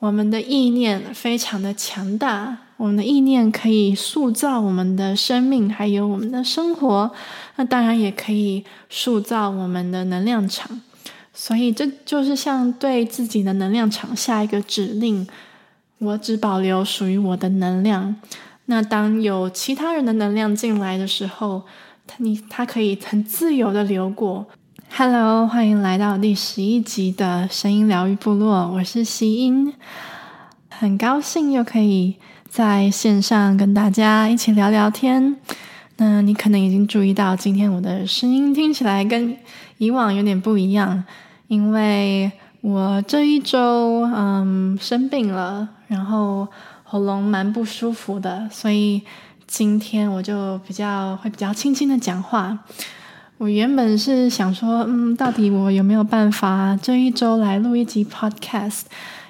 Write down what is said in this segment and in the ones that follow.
我們的意念非常的強大，我們的意念可以塑造我們的生命，還有我們的生活。那當然也可以塑造我們的能量場，所以這就是像對自己的能量場下一個指令：我只保留屬於我的能量。那當有其他人的能量進來的時候，他你它可以很自由的流過。Hello，歡迎來到第十一集的聲音療癒部落，我是希音，很高興又可以在線上跟大家一起聊聊天。那你可能已經注意到，今天我的聲音聽起來跟以往有點不一樣，因為我這一周嗯生病了，然後喉嚨蠻不舒服的，所以今天我就比較會比較輕輕的講話。我原本是想說，嗯，到底我有沒有辦法這一周來錄一集 Podcast？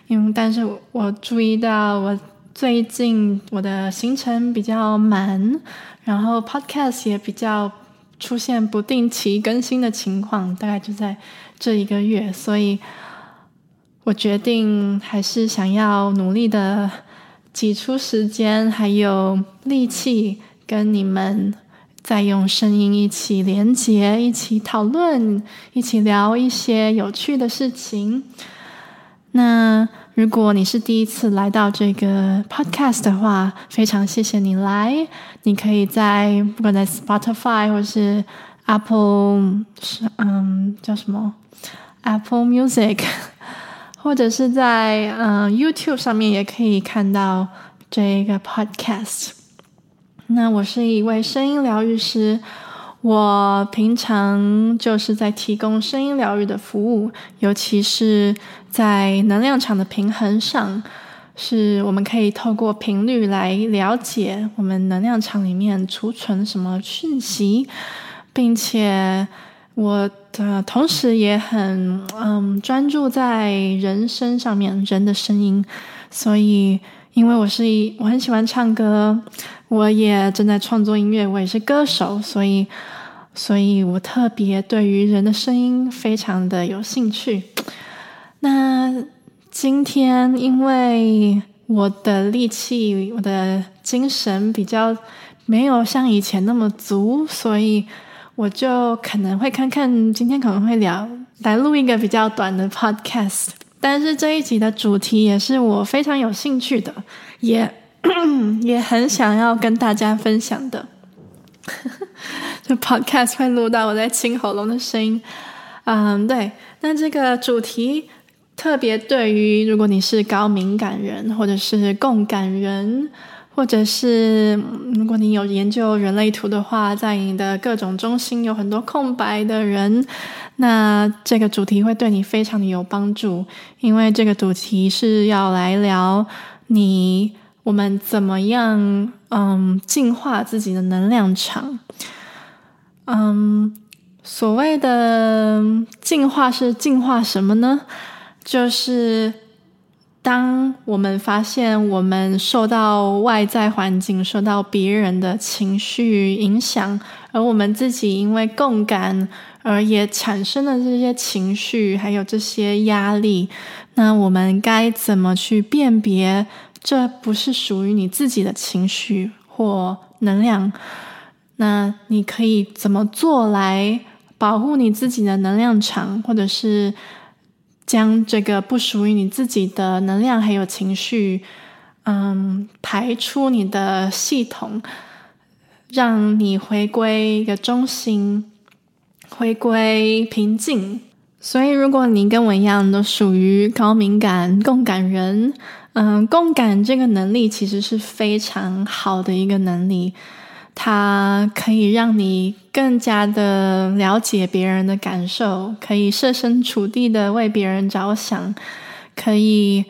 因為，但是我注意到我最近我的行程比較滿，然後 Podcast 也比較出現不定期更新的情況，大概就在這一個月，所以我決定還是想要努力的擠出時間，還有力氣跟你們，再用聲音一起連接，一起討論，一起聊一些有趣的事情。那如果你是第一次來到這個 podcast 的話，非常謝謝你來。你可以在不管在 Spotify 或是 Apple 是，嗯，叫什麼 Apple Music，或者是在，嗯，YouTube 上面也可以看到這個 podcast。那我是一位聲音療癒師，我平常就是在提供聲音療癒的服務，尤其是在能量場的平衡上，是我們可以透過頻率來了解我們能量場裡面儲存什麼訊息，並且我的，呃，同時也很嗯專注在人聲上面，人的聲音，所以因為我是一我很喜歡唱歌。我也正在創作音樂，我也是歌手，所以，所以我特別對於人的聲音非常的有興趣。那今天因為我的力氣、我的精神比較沒有像以前那麼足，所以我就可能會看看，今天可能會聊，來錄一個比較短的 podcast。但是這一集的主題也是我非常有興趣的，也。 也很想要跟大家分享的，就 Podcast 會錄到我在清喉嚨的聲音。嗯，um，對。那這個主題特別對於如果你是高敏感人，或者是共感人，或者是如果你有研究人類圖的話，在你的各種中心有很多空白的人，那這個主題會對你非常的有幫助，因為這個主題是要來聊你，我們怎麼樣，嗯，淨化自己的能量場？嗯，所謂的淨化是淨化什麼呢？就是當我們發現我們受到外在環境、受到別人的情緒影響，而我們自己因為共感而也產生了這些情緒，還有這些壓力。那我們該怎麼去辨別這不是屬於你自己的情緒或能量？那你可以怎麼做來保護你自己的能量場，或者是將這個不屬於你自己的能量還有情緒，嗯，排出你的系統，讓你回歸一個中心，回歸平靜。所以，如果你跟我一樣都屬於高敏感共感人，嗯、呃，共感這個能力其實是非常好的一個能力，它可以讓你更加的了解別人的感受，可以設身處地的為別人着想，可以，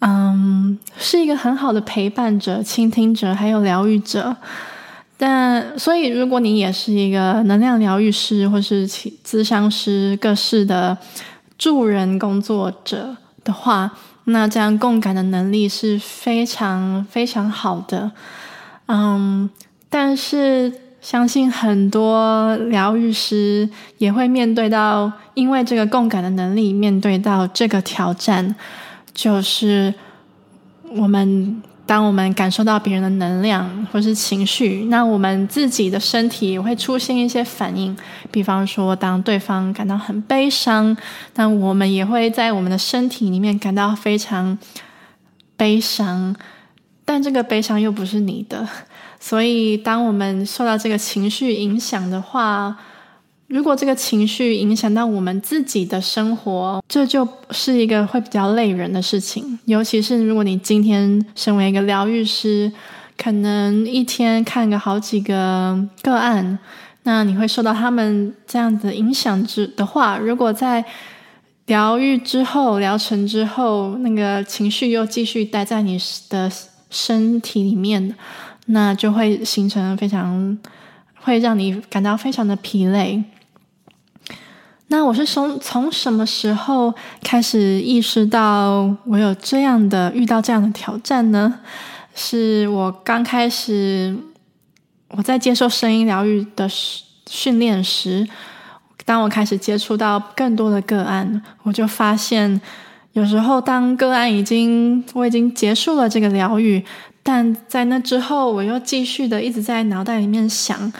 嗯、呃，是一個很好的陪伴者、傾聽者，還有療癒者。但所以，如果你也是一個能量療癒師或是其諮商師，各式的助人工作者的話，那這樣共感的能力是非常非常好的。嗯，但是相信很多療癒師也會面對到，因為這個共感的能力，面對到這個挑戰，就是我們。當我們感受到別人的能量或是情緒，那我們自己的身體也會出現一些反應。比方說，當對方感到很悲傷，那我們也會在我們的身體裡面感到非常悲傷。但這個悲傷又不是你的，所以當我們受到這個情緒影響的話，如果這個情緒影響到我們自己的生活，這就是一個會比較累人的事情。尤其是如果你今天身為一個療癒師，可能一天看個好幾個個案，那你會受到他們這樣子影響之的話，如果在療癒之後、療程之後，那個情緒又繼續待在你的身體裡面，那就會形成非常，會讓你感到非常的疲累。那我是從從什麼時候開始意識到我有這樣的遇到這樣的挑戰呢？是我剛開始我在接受聲音療癒的訓練時，當我開始接觸到更多的個案，我就發現有時候當個案已經我已經結束了這個療癒，但在那之後我又繼續的一直在腦袋裡面想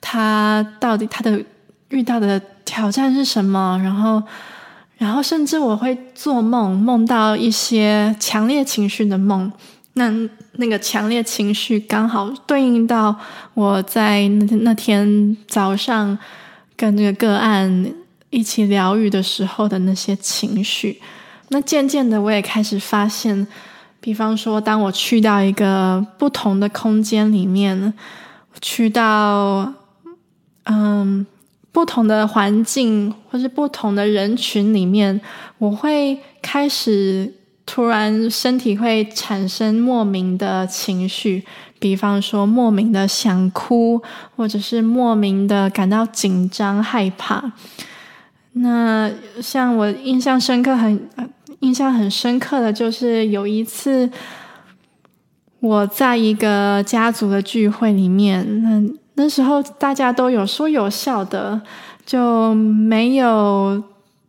他到底他的，他的遇到的。挑戰是什麼？然後，然後甚至我會做夢，夢到一些強烈情緒的夢。那那個強烈情緒剛好對應到我在那，那天早上跟這個個案一起療癒的時候的那些情緒。那漸漸的，我也開始發現，比方說，當我去到一個不同的空間裡面，去到嗯。不同的環境，或是不同的人群裡面，我會開始突然身體會產生莫名的情緒，比方說莫名的想哭，或者是莫名的感到緊張害怕。那像我印象深刻很，很、呃、印象很深刻的就是有一次我在一個家族的聚會裡面，那。那時候大家都有說有笑的，就沒有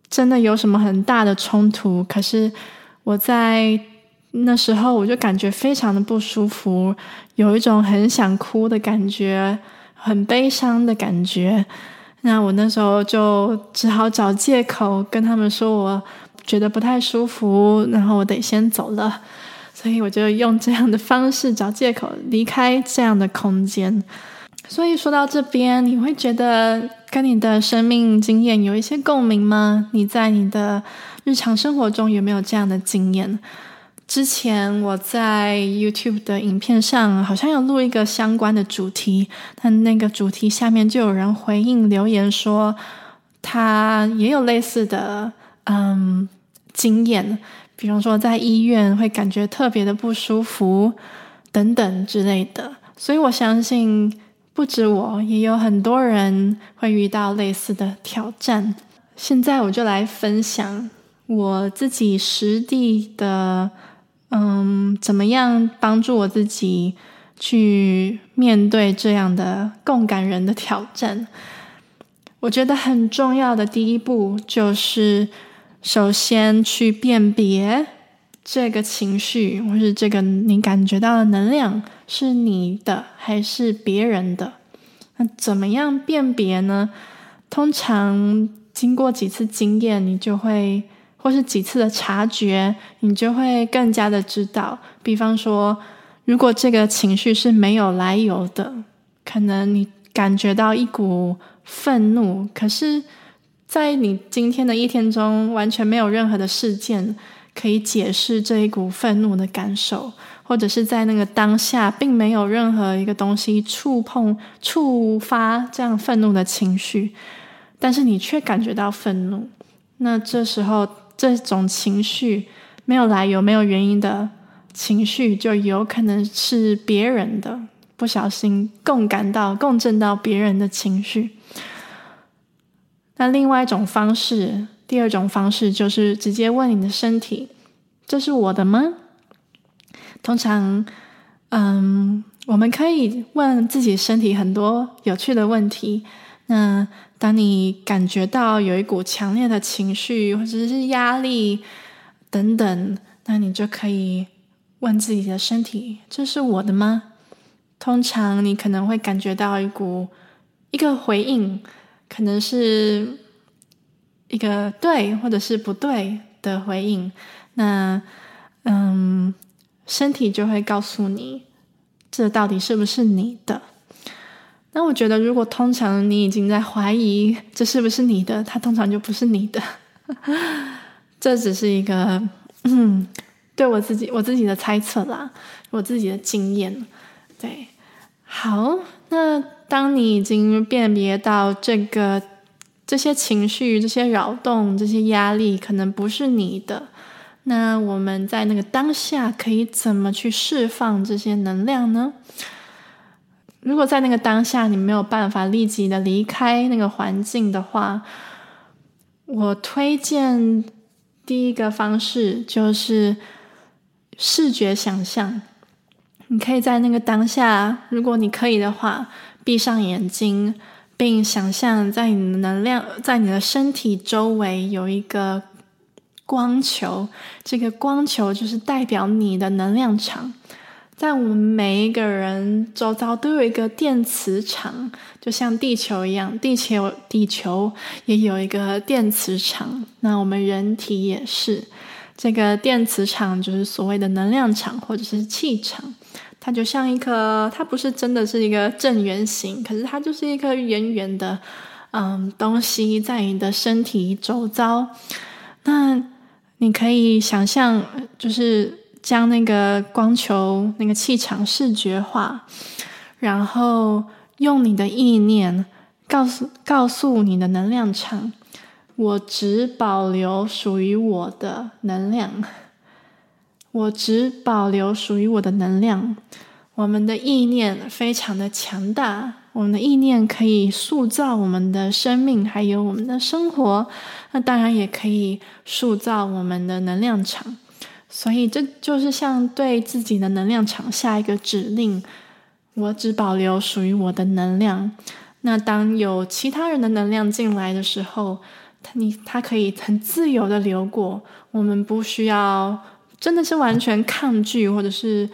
真的有什麼很大的衝突。可是我在那時候我就感覺非常的不舒服，有一種很想哭的感覺，很悲傷的感覺。那我那時候就只好找借口跟他們說，我覺得不太舒服，然後我得先走了。所以我就用這樣的方式找借口離開這樣的空間。所以說到這邊，你會覺得跟你的生命經驗有一些共鳴嗎？你在你的日常生活中有沒有這樣的經驗？之前我在 YouTube 的影片上好像有錄一個相關的主題，但那個主題下面就有人回應留言說，他也有類似的，嗯，經驗，比方說在醫院會感覺特別的不舒服等等之類的。所以我相信。不止我，也有很多人會遇到類似的挑戰。現在我就來分享我自己實地的，嗯，怎麼樣幫助我自己去面對這樣的共感人的挑戰。我覺得很重要的第一步就是，首先去辨別這個情緒或是這個你感覺到的能量是你的還是別人的。那怎麼樣辨別呢？通常經過幾次經驗，你就會，或是幾次的察覺，你就會更加的知道。比方說，如果這個情緒是沒有來由的，可能你感覺到一股憤怒，可是，在你今天的一天中，完全沒有任何的事件可以解釋這一股憤怒的感受。或者是在那個當下，並沒有任何一個東西觸碰、觸發這樣憤怒的情緒，但是你卻感覺到憤怒。那這時候，這種情緒沒有來由，沒有原因的情緒，就有可能是別人的，不小心共感到、共振到別人的情緒。那另外一種方式，第二種方式就是直接問你的身體：“這是我的嗎？”通常，嗯，我們可以問自己身體很多有趣的問題。那當你感覺到有一股強烈的情緒或者是壓力等等，那你就可以問自己的身體：“這是我的嗎？”通常你可能會感覺到一股、一個回應，可能是一個對或者是不對的回應。那，嗯。身體就會告訴你，這到底是不是你的？那我覺得，如果通常你已經在懷疑這是不是你的，它通常就不是你的。 這只是一個，嗯，對我自己我自己的猜測啦，我自己的經驗。對，好，那當你已經辨別到這個這些情緒、這些擾動、這些壓力，可能不是你的。那我們在那個當下可以怎麼去釋放這些能量呢？如果在那個當下你沒有辦法立即的離開那個環境的話，我推薦第一個方式就是視覺想象。你可以在那個當下，如果你可以的話，閉上眼睛，並想象在你的能量，在你的身體周圍有一個。光球，這個光球就是代表你的能量場，在我們每一個人周遭都有一個電磁場，就像地球一樣，地球，地球也有一個電磁場。那我們人體也是，這個電磁場就是所謂的能量場或者是氣場，它就像一顆，它不是真的是一個正圓形，可是它就是一顆圓圓的，嗯，東西在你的身體周遭，那。你可以想象，就是將那個光球、那個氣場視覺化，然後用你的意念告訴、告訴你的能量場：我只保留屬於我的能量，我只保留屬於我的能量。我們的意念非常的強大。我們的意念可以塑造我們的生命，還有我們的生活。那當然也可以塑造我們的能量場。所以這就是像對自己的能量場下一個指令：我只保留屬於我的能量。那當有其他人的能量進來的時候，他你他可以很自由的流過。我們不需要真的是完全抗拒，或者是。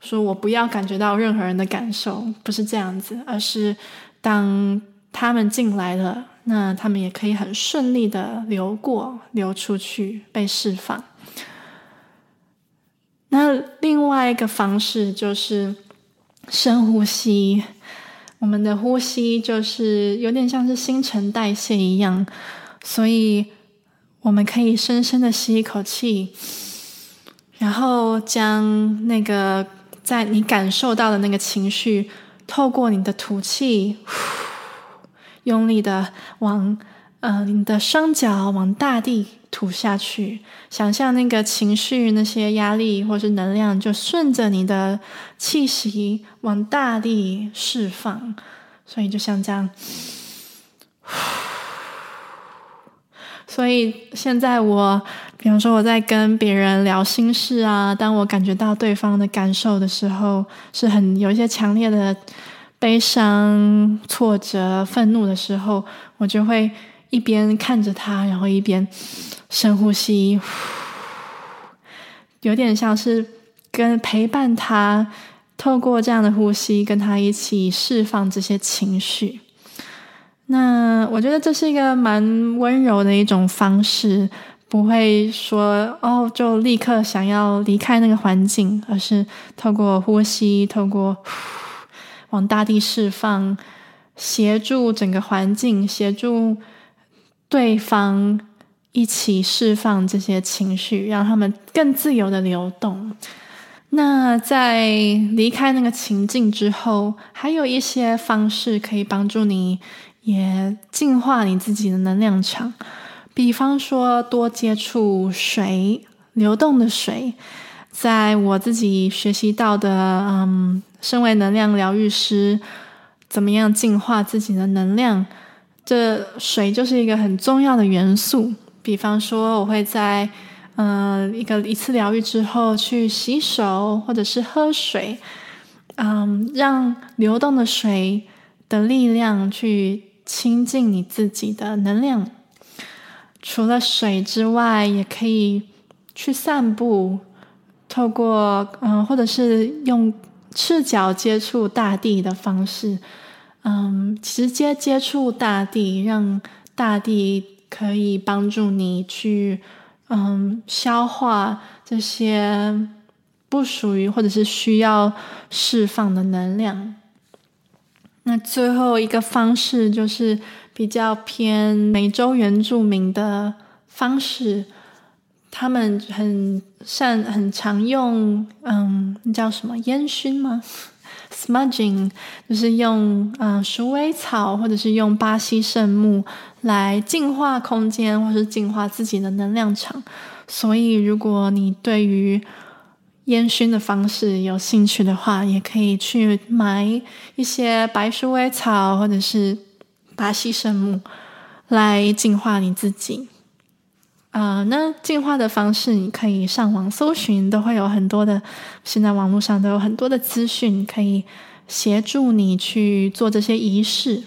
說我不要感覺到任何人的感受，不是這樣子，而是當他們進來了，那他們也可以很順利的流過、流出去、被釋放。那另外一個方式就是深呼吸，我們的呼吸就是有點像是新陳代謝一樣，所以我們可以深深的吸一口氣，然後將那個。在你感受到的那個情緒，透過你的吐氣，用力的往，呃，你的雙腳往大地吐下去。想象那個情緒、那些壓力或是能量，就順着你的氣息往大地釋放。所以就像這樣。所以現在我，比方說我在跟別人聊心事啊，當我感覺到對方的感受的時候，是很有一些強烈的悲傷、挫折、憤怒的時候，我就會一邊看着他，然後一邊深呼吸，呼，有點像是跟陪伴他，透過這樣的呼吸跟他一起釋放這些情緒。那我覺得這是一個蠻溫柔的一種方式，不會說哦，就立刻想要離開那個環境，而是透過呼吸，透過呼往大地釋放，協助整個環境，協助對方一起釋放這些情緒，讓他們更自由的流動。那在離開那個情境之後，還有一些方式可以幫助你。也淨化你自己的能量場，比方說多接觸水，流動的水。在我自己學習到的，嗯，身為能量療癒師，怎麼樣淨化自己的能量？這水就是一個很重要的元素。比方說，我會在，嗯、呃，一個一次療癒之後去洗手，或者是喝水，嗯，讓流動的水的力量去。清淨你自己的能量，除了水之外，也可以去散步，透過嗯、呃，或者是用赤腳接觸大地的方式，嗯、呃，直接接觸大地，讓大地可以幫助你去嗯、呃，消化這些不屬於或者是需要釋放的能量。那最後一個方式就是比較偏美洲原住民的方式，他們很擅很常用，嗯，叫什麼煙燻嗎？Smudging，就是用啊鼠尾草或者是用巴西聖木來淨化空間，或是淨化自己的能量場。所以，如果你對於煙燻的方式有興趣的話，也可以去買一些白鼠尾草或者是巴西聖木來淨化你自己。啊、呃，那淨化的方式，你可以上網搜尋，都會有很多的，現在網絡上都有很多的資訊可以協助你去做這些儀式。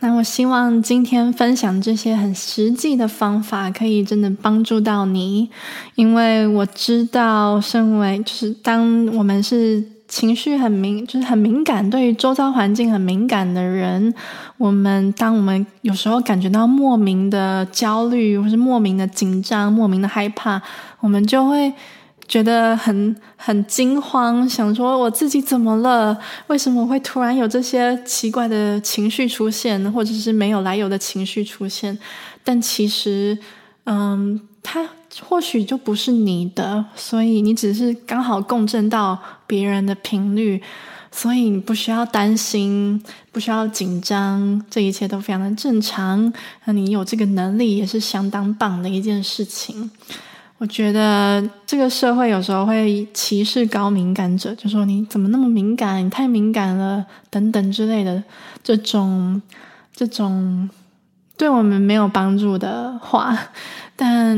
那我希望今天分享這些很實際的方法，可以真的幫助到你，因為我知道，身為就是當我們是情緒很敏，就是很敏感，對於周遭環境很敏感的人，我們當我們有時候感覺到莫名的焦慮，或是莫名的緊張，莫名的害怕，我們就會覺得很很驚慌，想說我自己怎麼了？為什麼會突然有這些奇怪的情緒出現，或者是沒有來由的情緒出現？但其實，嗯，它或許就不是你的，所以你只是剛好共振到別人的頻率，所以你不需要擔心，不需要緊張，這一切都非常的正常。那你有這個能力，也是相當棒的一件事情。我覺得這個社會有時候會歧視高敏感者，就說，你怎麼那麼敏感，你太敏感了等等之類的這種這種對我們沒有幫助的話。但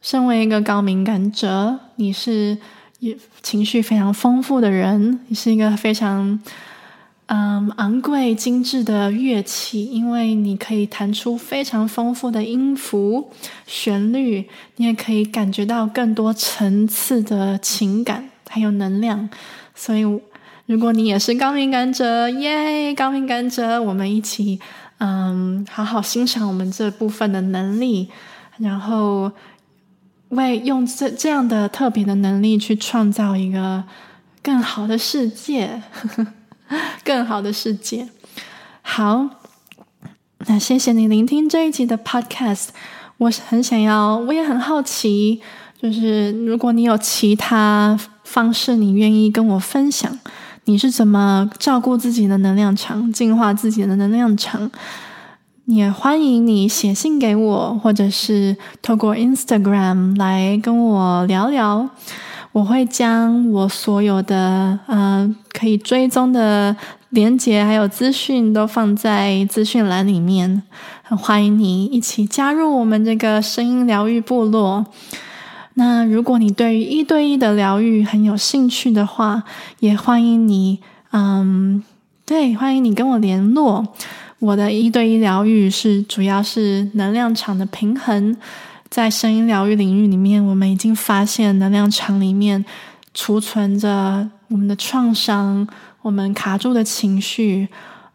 身為一個高敏感者，你是也情緒非常豐富的人，你是一個非常。嗯，um, 昂貴精緻的樂器，因為你可以彈出非常豐富的音符、旋律，你也可以感覺到更多層次的情感還有能量。所以，如果你也是高敏感者，耶、yeah!，高敏感者，我們一起，嗯、um,，好好欣賞我們這部分的能力，然後為用這這樣的特別的能力去創造一個更好的世界。 更好的世界。好，那謝謝你聆聽這一集的 Podcast。我很想要，我也很好奇，就是如果你有其他方式，你願意跟我分享，你是怎麼照顧自己的能量場，淨化自己的能量場？也歡迎你寫信給我，或者是透過 Instagram 來跟我聊聊。我會將我所有的呃可以追蹤的連結還有資訊都放在資訊欄裡面，很歡迎你一起加入我們這個聲音療癒部落。那如果你對於一對一的療癒很有興趣的話，也歡迎你，嗯，對，歡迎你跟我聯絡。我的一對一療癒是主要是能量場的平衡。在聲音療癒領域裡面，我們已經發現能量場裡面儲存着我們的創傷、我們卡住的情緒，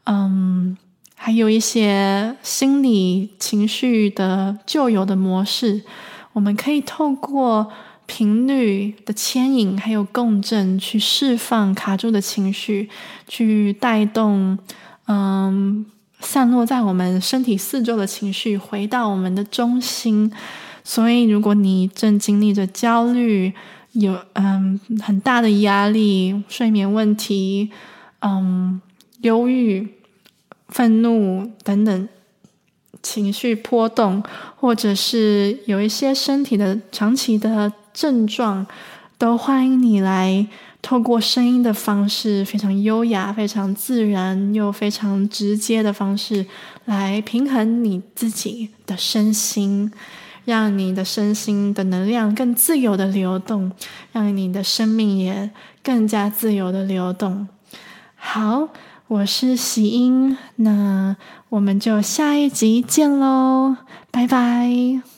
嗯，還有一些心理情緒的舊有的模式。我們可以透過頻率的牽引，還有共振，去釋放卡住的情緒，去帶動，嗯，散落在我們身體四周的情緒，回到我們的中心。所以，如果你正經歷着焦慮，有嗯，很大的壓力、睡眠問題，嗯，憂鬱、憤怒等等情緒波動，或者是有一些身體的長期的症狀，都歡迎你來透過聲音的方式，非常優雅、非常自然又非常直接的方式來平衡你自己的身心。讓你的身心的能量更自由的流動，讓你的生命也更加自由的流動。好，我是喜音，那我們就下一集見嘍，拜拜。